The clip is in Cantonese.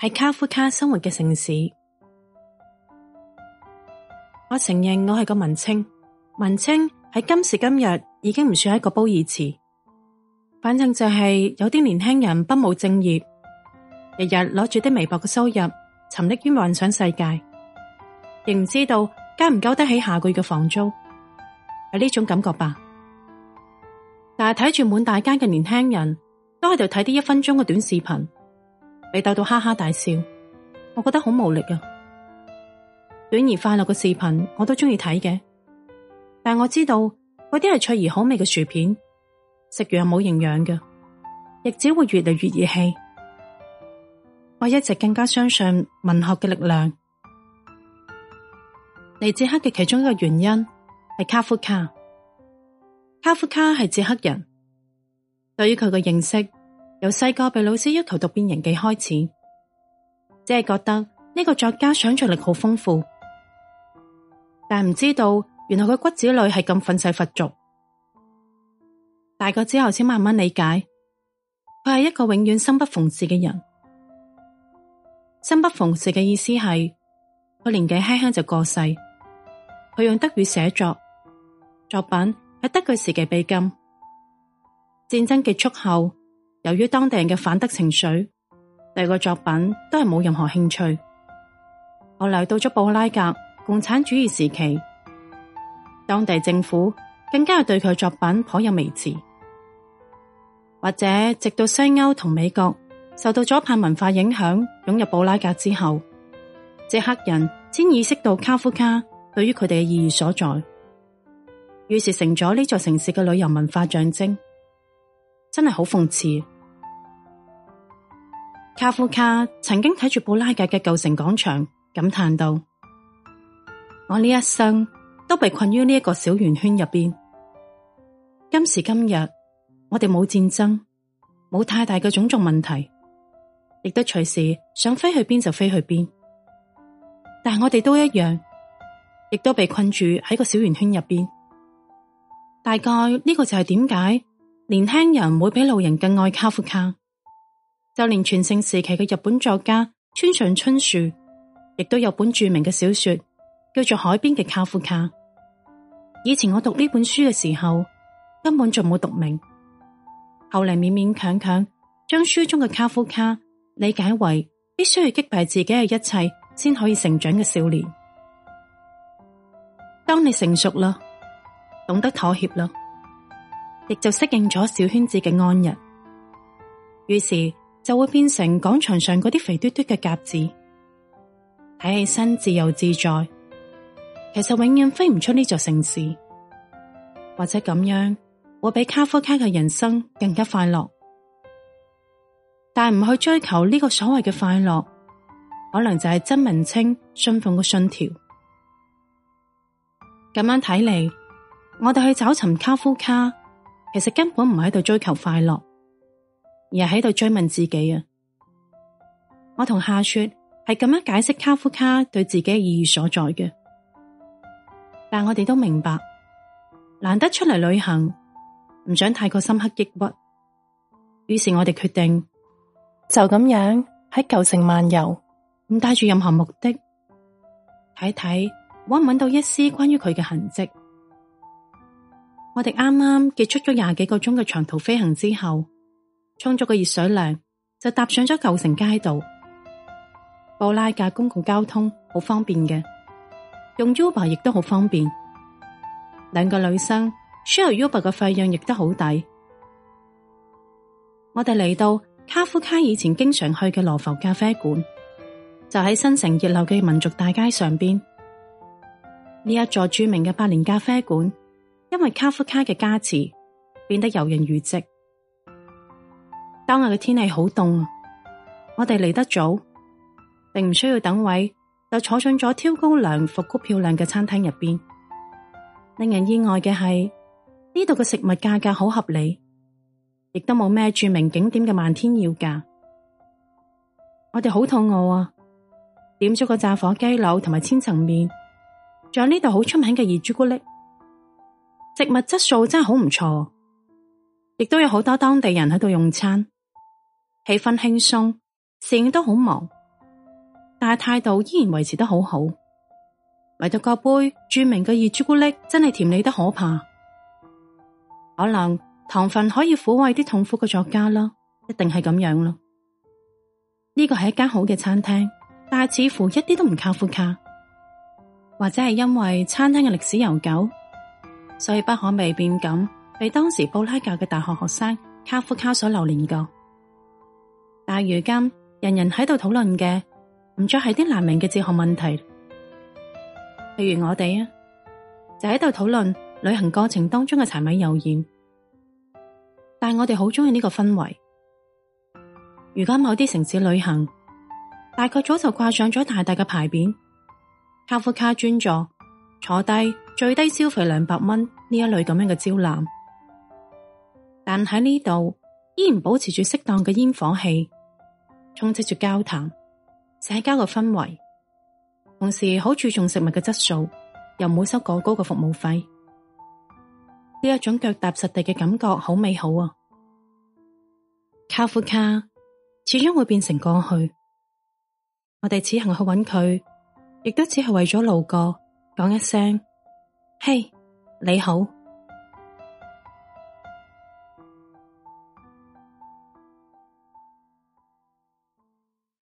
係卡夫卡生活嘅城市，我承認我係個文青，文青喺今時今日已經唔算係一個褒義詞。反正就係有啲年輕人不務正業，日日攞住啲微薄嘅收入，沉溺於幻想世界，亦唔知道交唔交得起下個月嘅房租，係呢種感覺吧。但係睇住滿大街嘅年輕人都喺度睇啲一分鐘嘅短視頻。被逗到哈哈大笑，我覺得好無力啊！短而快樂嘅視頻我都中意睇嘅，但我知道嗰啲係脆而好味嘅薯片，食完係冇營養嘅，亦只會越嚟越熱氣。我一直更加相信文學嘅力量。嚟捷克嘅其中一個原因係卡夫卡，卡夫卡係捷克人，對於佢嘅認識。由細個被老師要求讀《變形記》開始，只係覺得呢個作家想象力好豐富，但唔知道原來佢骨子裏係咁憤世嫉俗。大個之後先慢慢理解，佢係一個永遠生不逢時嘅人。生不逢時嘅意思係佢年紀輕輕就過世。佢用德語寫作作品喺德據時期被禁，戰爭結束後，由於當地人嘅反德情緒，對個作品都係冇任何興趣。後來到咗布拉格共產主義時期，當地政府更加係對佢作品頗有微詞。或者直到西歐同美國受到咗左派文化影響，湧入布拉格之後，這黑人先意識到卡夫卡對於佢哋嘅意義所在，於是成咗呢座城市嘅旅遊文化象徵。真係好諷刺。卡夫卡曾經睇住布拉格嘅舊城廣場，感嘆道：「我呢一生都被困於呢一個小圓圈入邊。今時今日，我哋冇戰爭，冇太大嘅種族問題，亦都隨時想飛去邊就飛去邊。但係我哋都一樣，亦都被困住喺個小圓圈入邊。大概呢個就係點解，年輕人會比老人更愛卡夫卡，就連全盛時期嘅日本作家村上春樹，亦都有本著名嘅小說叫做《海邊嘅卡夫卡》。以前我讀呢本書嘅時候，根本就冇讀明，後嚟勉勉強強將書中嘅卡夫卡理解為必須要擊敗自己嘅一切，先可以成長嘅少年。當你成熟啦，懂得妥協啦。亦就適應咗小圈子嘅安逸，於是就會變成廣場上嗰啲肥嘟嘟嘅鴿子，睇起身自由自在，其實永遠飛唔出呢座城市。或者咁樣，會比卡夫卡嘅人生更加快樂，但唔去追求呢個所謂嘅快樂，可能就係真文青信奉嘅信條。咁樣睇嚟，我哋去找尋卡夫卡。其實根本唔係喺度追求快樂，而係喺度追問自己啊！我同夏雪係咁樣解釋卡夫卡對自己嘅意義所在嘅，但我哋都明白難得出嚟旅行，唔想太過深刻抑鬱，於是我哋決定就咁樣喺舊城漫遊，唔帶住任何目的，睇睇揾唔揾到一絲關於佢嘅痕跡。我哋啱啱結束咗廿幾個鐘嘅長途飛行之後，沖咗個熱水涼，就踏上咗舊城街道。布拉格公共交通好方便嘅，用 Uber 亦都好方便。兩個女生 share Uber 嘅費用亦都好抵。我哋嚟到卡夫卡以前經常去嘅羅浮咖啡館，就喺新城熱鬧嘅民族大街上邊呢一座著名嘅百年咖啡館。因為卡夫卡嘅加持，變得遊人如織。當日嘅天氣好凍啊！我哋嚟得早，並唔需要等位，就坐上咗挑高梁、復古漂亮嘅餐廳入邊。令人意外嘅係，呢度嘅食物價格好合理，亦都冇咩著名景點嘅漫天要價。我哋好肚餓啊！點咗個炸火雞柳同埋千層麵，仲有呢度好出名嘅熱朱古力。植物質素真係好唔錯，亦都有好多當地人喺度用餐，氣氛輕鬆，成日都好忙，但係態度依然維持得好好。嚟到嗰杯著名嘅熱朱古力真係甜膩得可怕，可能糖分可以撫慰啲痛苦嘅作家咯，一定係咁樣咯。呢個係一間好嘅餐廳，但係似乎一啲都唔靠卡夫卡，或者係因為餐廳嘅歷史悠久。所以不可未變咁，被當時布拉格嘅大學學生卡夫卡所流連噶。但如今，人人喺度討論嘅唔再係啲難明嘅哲學問題，譬如我哋啊，就喺度討論旅行過程當中嘅柴米油鹽。但我哋好鍾意呢個氛圍。如今某啲城市旅行，大概早就掛上咗大大嘅牌匾，卡夫卡專座，坐低。最低消費兩百蚊呢一類咁樣嘅招攬，但喺呢度依然保持住適當嘅煙火氣，充斥住交談，社交嘅氛圍，同時好注重食物嘅質素，又唔會收過高嘅服務費，呢一種腳踏實地嘅感覺好美好啊！卡夫卡始終會變成過去，我哋此行去揾佢，亦都只係為咗路過講一聲。嘿，你好、hey。